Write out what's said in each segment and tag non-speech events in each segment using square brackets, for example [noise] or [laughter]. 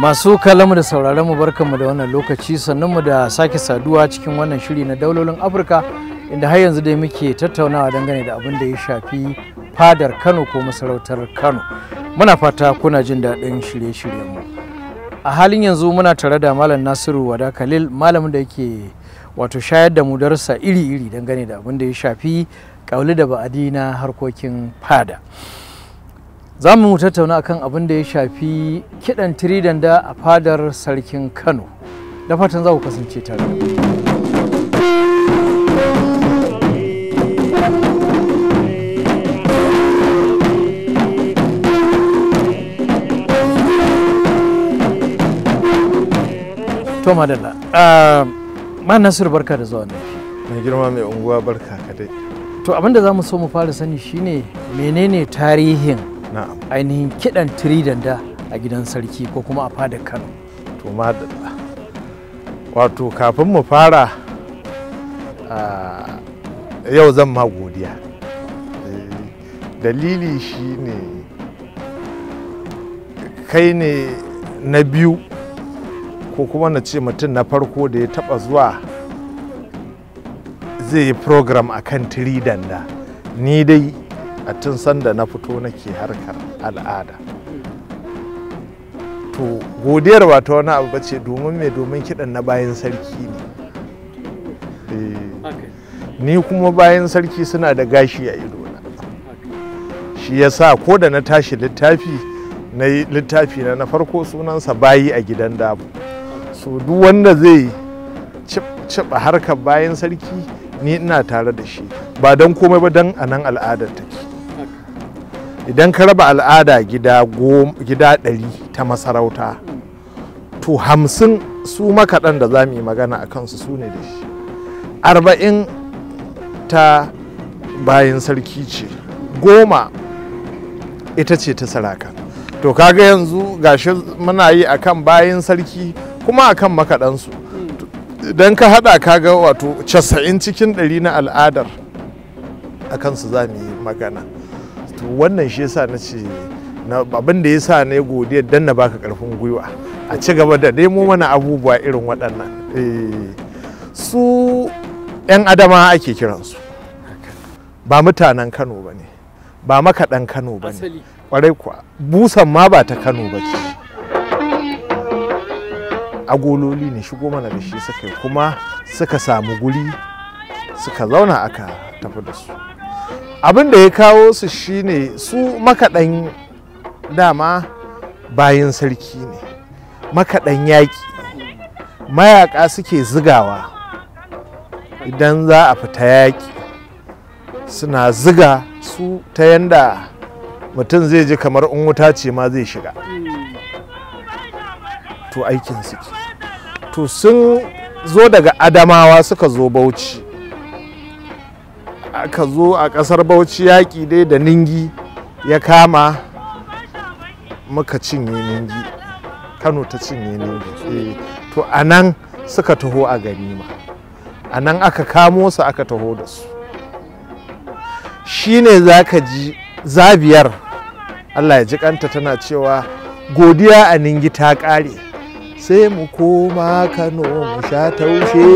masu kalamu da sauraron mu mu da wannan lokaci sannan mu da sake saduwa cikin wannan shiri na daulolin afirka inda har yanzu dai muke tattaunawa dangane da abin da ya shafi fadar kano ko masarautar kano muna fata kuna jin daɗin shirye-shiryenmu a halin yanzu muna tare da malam nasiru wada khalil malamin da yake wato shayar da mu darussa iri-iri dangane da abin da ya shafi kauli da ba'adi na harkokin fada za mu tattauna akan abin da ya shafi kiɗan tiridanda a fadar sarkin kano da fatan za ku kasance tare to madalla ah, ma nasir barka da zuwa nan mai girma mai unguwa barka ka dai to abinda za mu so mu fara sani shine menene tarihin ainihin kidan tiridanda a gidan sarki ko kuma a fadar kano to madalla wato kafin mu fara ah, yau zan ma godiya eh, dalili shine kai ne na biyu ko kuma na ce mutum na farko da ya taba zuwa zai yi program a kan tiridanda ni dai a tun sanda na fito nake harkar al'ada to godiyar ba ta wani abu bace domin mai domin kiɗan na bayan sarki ne eh. ni kuma bayan sarki suna da gashi a idona shi ya sa ko da na tashi littafi na littafi na na farko sunansa bayi a gidan dabu so duk wanda zai ciba harkar bayan sarki ni ina tare da shi ba don komai ba don a nan al'adar take idan ka raba al'ada gida ɗari ta masarauta to hamsin su makaɗan da za mu yi magana a kansu su ne da shi arba'in ta bayan sarki ce goma ita ce ta saraka to kaga yanzu gashi muna yi akan bayan sarki kuma a kan makaɗansu idan ka haɗa kaga wato casa'in cikin ɗari na al'adar a kansu za mu yi magana wannan shi yasa na ce abin da ya sa yi godiyar dan na baka karfin gwiwa a ci gaba da nemo mana abubuwa irin waɗannan eh, su 'yan adama ake kiransu ba mutanen kano ba ne ba makaɗan kano ba ne ƙwarai kuwa busan ma ba ta kano ba ce agololi ne shigo mana da shi suka kuma suka samu guri suka zauna aka tafi da su abin da ya kawo su shine su makaɗan dama bayan sarki ne makaɗan yaƙi mayaƙa suke zigawa idan za a fita yaƙi suna ziga su ta yanda mutum zai je kamar in wuta ce ma zai shiga to aikin suke to sun zo daga adamawa suka zo bauchi aka zo a ƙasar bauchi yaƙi dai da ningi ya kama muka cinye ningi kano ta cinye ningi eh. to a nan suka taho a ganima a nan aka kamo su aka taho da su shine za ka ji zabiyar allah ya ji kanta tana cewa godiya a ningi ta ƙare sai mu koma kano mu sha taushe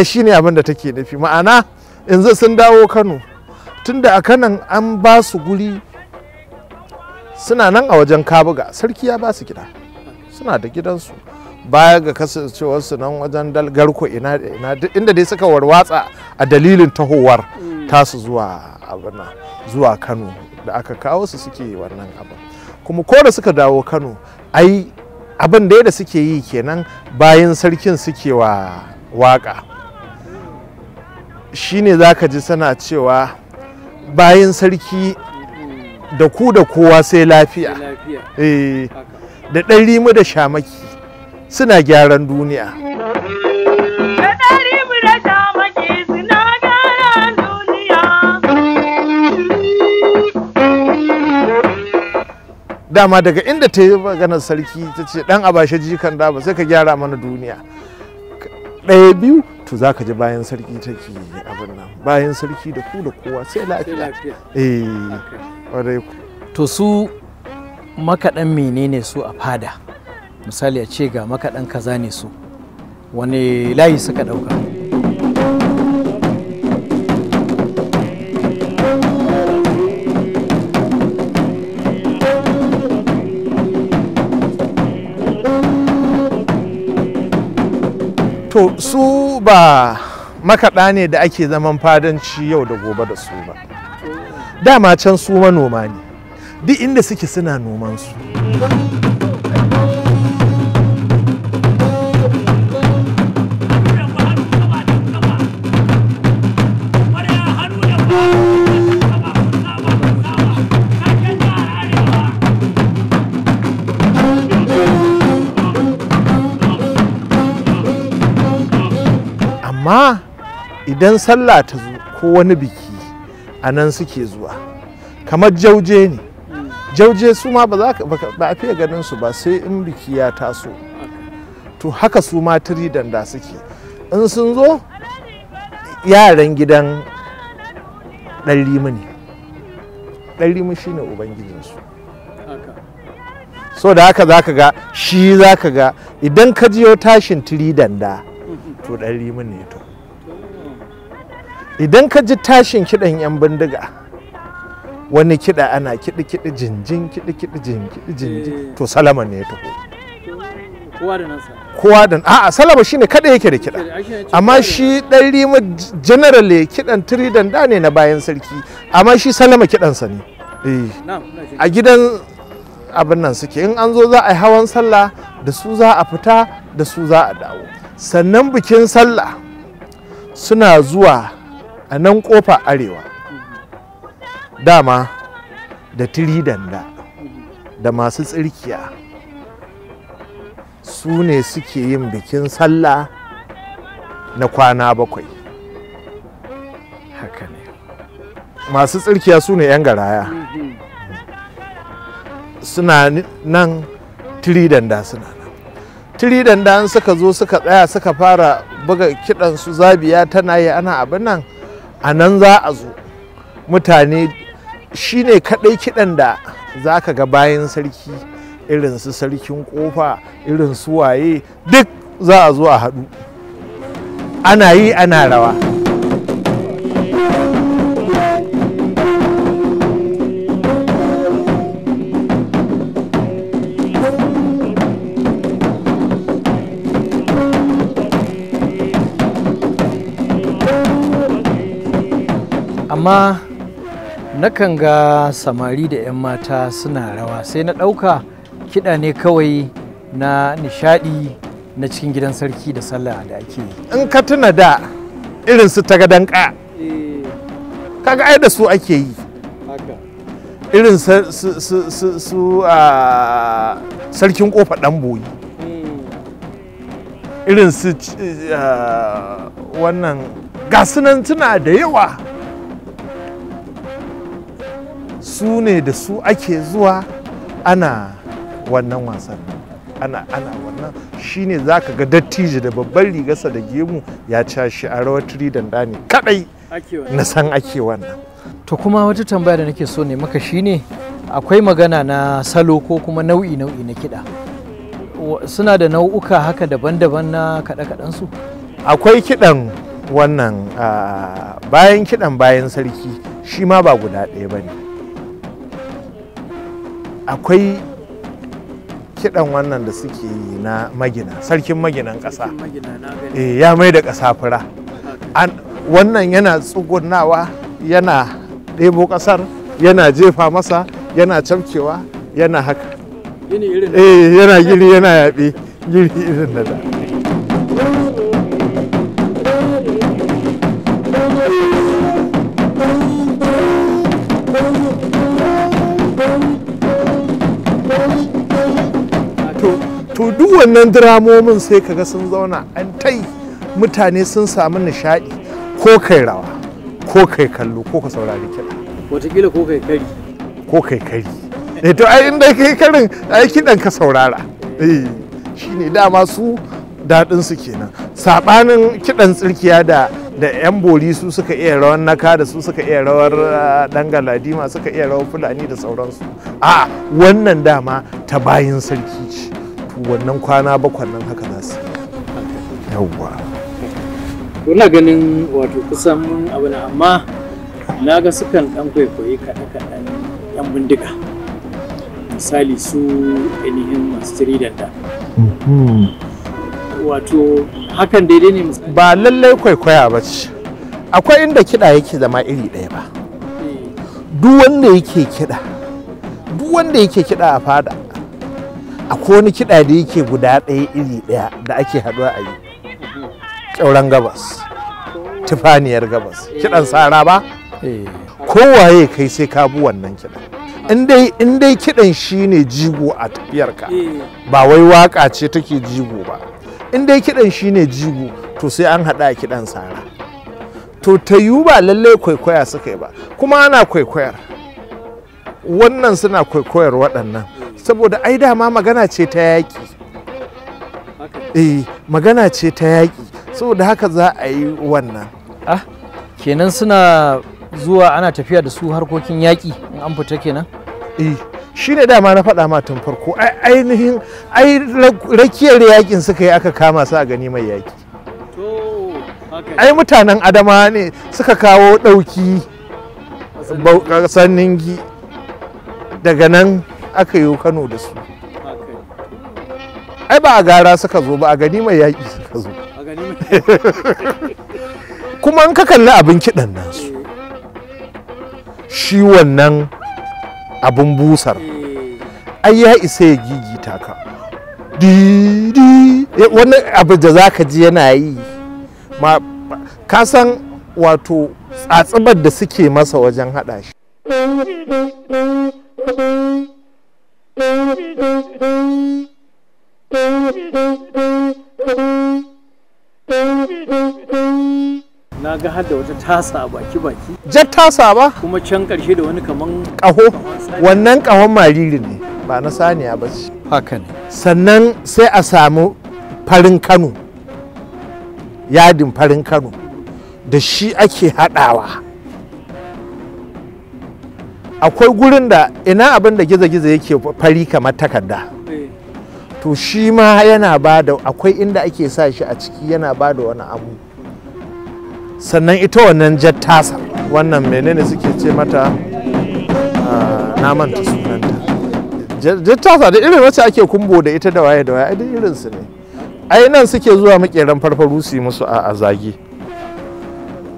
ai ne abin da take nufi ma'ana yanzu sun dawo kano tunda a kanan an ba su guri suna nan a wajen kabuga sarki ya ba su gida suna da gidansu baya ga kasancewarsu nan wajen dalgarko ina ina inda dai suka warwatsa a dalilin tahowar tasu zuwa abuna zuwa kano da aka kawo su suke wannan abin kuma ko da suka dawo kano ai abin da da suke yi kenan bayan sarkin suke wa waka shine za ka ji sana cewa bayan sarki da ku da kowa sai lafiya eh, da ɗan rimu da shamaki suna gyaran duniya dama daga inda ta yi maganar sarki ta ce ɗan abashe jikan da ba sai ka gyara mana duniya ɗaya biyu to za ka ji bayan sarki take abin nan bayan sarki da ku da kowa sai lafiya eh ƙwarai ku to su makaɗan menene su a fada misali a ce ga makaɗan kaza ne su wani layi suka ɗauka to su ba makaɗa ne da ake zaman fadanci yau da gobe da su ba dama can su manoma ne duk inda suke suna noman su idan sallah ta zo ko wani biki a nan suke zuwa kamar jauje ne jauje su ma ba a fiye ganin su ba sai in biki ya taso to haka su ma danda suke in sun zo yaran gidan ɗan ne ɗan shi ne ubangijinsu so da haka zaka ga shi zaka ga idan ka jiyo tashin tiri danda to ɗan rimin ne to idan ka ji tashin kiɗan 'yan bindiga wani kiɗa ana kiɗi kiɗi jinjin kiɗi kiɗi jinjin eh. to salama ne ya taho kowa da a'a salama shine kada yake da kiɗa amma shi ɗan rima generally kiɗan tiridan da ne na bayan sarki amma shi salama kiɗansa ne eh. a gidan abin nan suke in an zo za a yi hawan sallah da su za a fita da su za a dawo sannan bikin sallah suna zuwa a nan kofa arewa dama da tiridanda da masu tsirkiya su ne suke yin bikin sallah na kwana bakwai haka ne masu tsirkiya su ne 'yan garaya suna nan tiri danda suna nan Tiridanda an suka zo suka tsaya suka fara buga kiɗansu zabiya tana yi ana abin nan a nan za a zo mutane shi ne kaɗai kiɗan da za ka ga bayan sarki irin su sarkin ƙofa irin su waye duk za a zo a haɗu ana yi ana rawa amma nakan ga samari da 'yan mata suna rawa sai na ɗauka kiɗa ne kawai na nishaɗi na cikin gidan sarki da sallah da ake yi in ka tuna da irin su ta gadon eh. ka kaga ai da su ake yi hmm. irin su a sarkin kofa ɗan boyi irin su wannan gasunan tuna da yawa su ne da su ake zuwa ana wannan wasan ana ana wannan shine za ka ga dattijo da babban rigarsa da gemu ya cashe a rawar turi danda ne kadai na san ake wannan to kuma wata tambaya da nake so ne maka shine akwai magana na salo ko kuma nau'i nau'i na kiɗa suna da nau'uka haka daban-daban na kaɗe su akwai kiɗan wannan ah, bayan kiɗan bayan sarki shi ma ba guda ɗaya ba ne akwai kiɗan wannan da suke yi na magina sarkin maginan ƙasa eh, ya mai da ƙasa fura wannan yana tsugunawa yana ɗebo ƙasar yana jefa masa yana camkewa yana haka eh, yana gini yana yaɓe irin da to duk wannan diramomin sai kaga sun zauna an tai mutane sun samu nishaɗi ko kai rawa ko kai kallo ko ka saurari kiɗa wataƙila ko kai kari ko kai kari eh to ai inda kai karin ai kiɗan ka saurara eh shine dama su daɗin su kenan saɓanin kiɗan tsirkiya da da 'yan bori su suka iya rawar naka da su suka iya rawar dan ah, galadima suka iya rawar fulani da sauransu a wannan dama ta bayin sarki ce wannan kwana bakwan nan haka za su yawwa kuna ganin wato kusan mun abu na amma na ga sukan dan kwaikwayi kaɗe-kaɗen yan bindiga misali su ainihin masu tiridan da mhm. wato hakan daidai ne ba lallai kwaikwaya ba ce akwai inda kiɗa yake zama iri ɗaya ba eh. duk wanda yake kiɗa duk wanda yake kiɗa a fada akwai wani kiɗa da yake guda ɗaya iri ɗaya da ake haɗuwa a yi ƙyauren gabas tufaniyar gabas kiɗan sara ba eh. kowaye kai sai ka bu wannan kiɗan in dai kiɗan shi ne jigo a tafiyarka eh. ba wai waka ce take jigo ba in dai kiɗan shi ne jigo to sai an haɗa a kiɗan sara to ta yiwu ba lallai kwaikwaya suka yi ba kuma ana kwaikwayar wannan suna kwaikwayar waɗannan saboda ai dama magana ce ta yaƙi eh magana ce ta yaƙi saboda haka za a yi wannan ah kenan suna zuwa ana tafiya da su harkokin yaƙi in an fita kenan eh shi ne dama na faɗa ma tun farko ainihin ai rakiyar yakin suka yi aka kama su a gani mai yaki ai mutanen adama ne suka kawo ɗauki gi daga nan aka yi kano da su ai ba a gara suka zo ba a gani mai yaƙi suka zo [laughs] kuma in ka kalli abin kiɗan nasu eh. shi wannan abin busar eh. ai ya isa ya gigita ka wani abu da za ka ji yana yi ka san wato tsatsibar da suke masa wajen haɗa shi [laughs] na ga hada wata tasa a baki-baki jar tasa ba kuma can karshe da wani kaman Kaho, wannan kahon mariri ne ba na saniya ba ce haka ne sannan sai a samu farin kano yadin farin kano da shi ake haɗawa akwai gurin da ina abin da gizo-gizo yake fari kamar takarda to shi ma yana ba da akwai inda ake sa shi a ciki yana ba da wani abu sannan ita wannan jattasa wannan menene suke ce mata ah, namanta sunanta jattasa da irin wacce ake kumbo da ita da waye da waye da irin su ne ai nan suke zuwa makeran farfaru su yi musu a zagi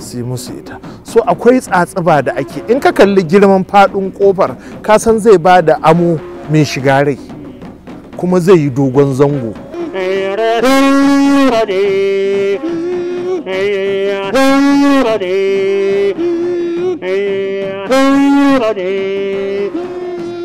su yi musu ita so akwai tsatsiba da ake in ka kalli girman faɗin ƙofar ka san zai ba da amo mai shiga rai kuma zai yi dogon zango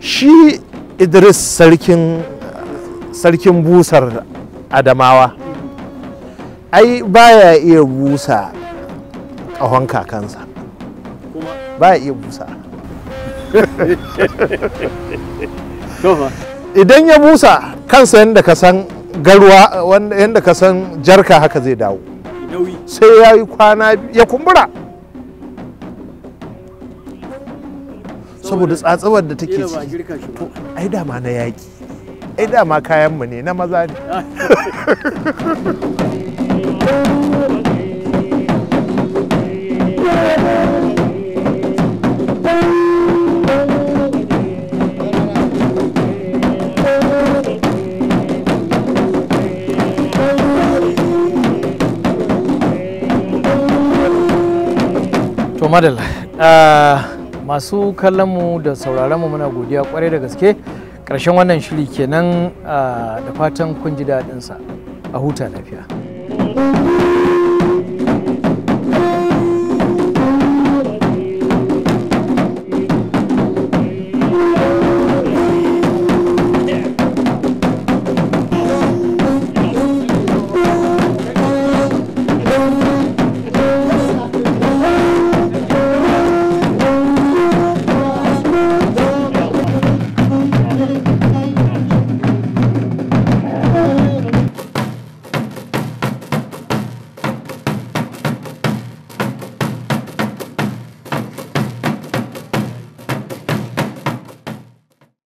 shi idris sarkin sarkin busar adamawa ai baya iya busa ƙahon kakansa ba ya iya busa [laughs] idan ya busa kansa yadda ka san garwa yadda ka san jarka haka zai dawo sai ya yi kwana ya kumbura saboda tsatsawar da take ciki to ai dama na yaƙi ai dama kayanmu ne na maza ne [laughs] madalla ah, masu kallonmu da sauraronmu muna godiya kwarai da gaske ƙarshen wannan shiri kenan ah, da fatan kun ji daɗinsa a huta lafiya.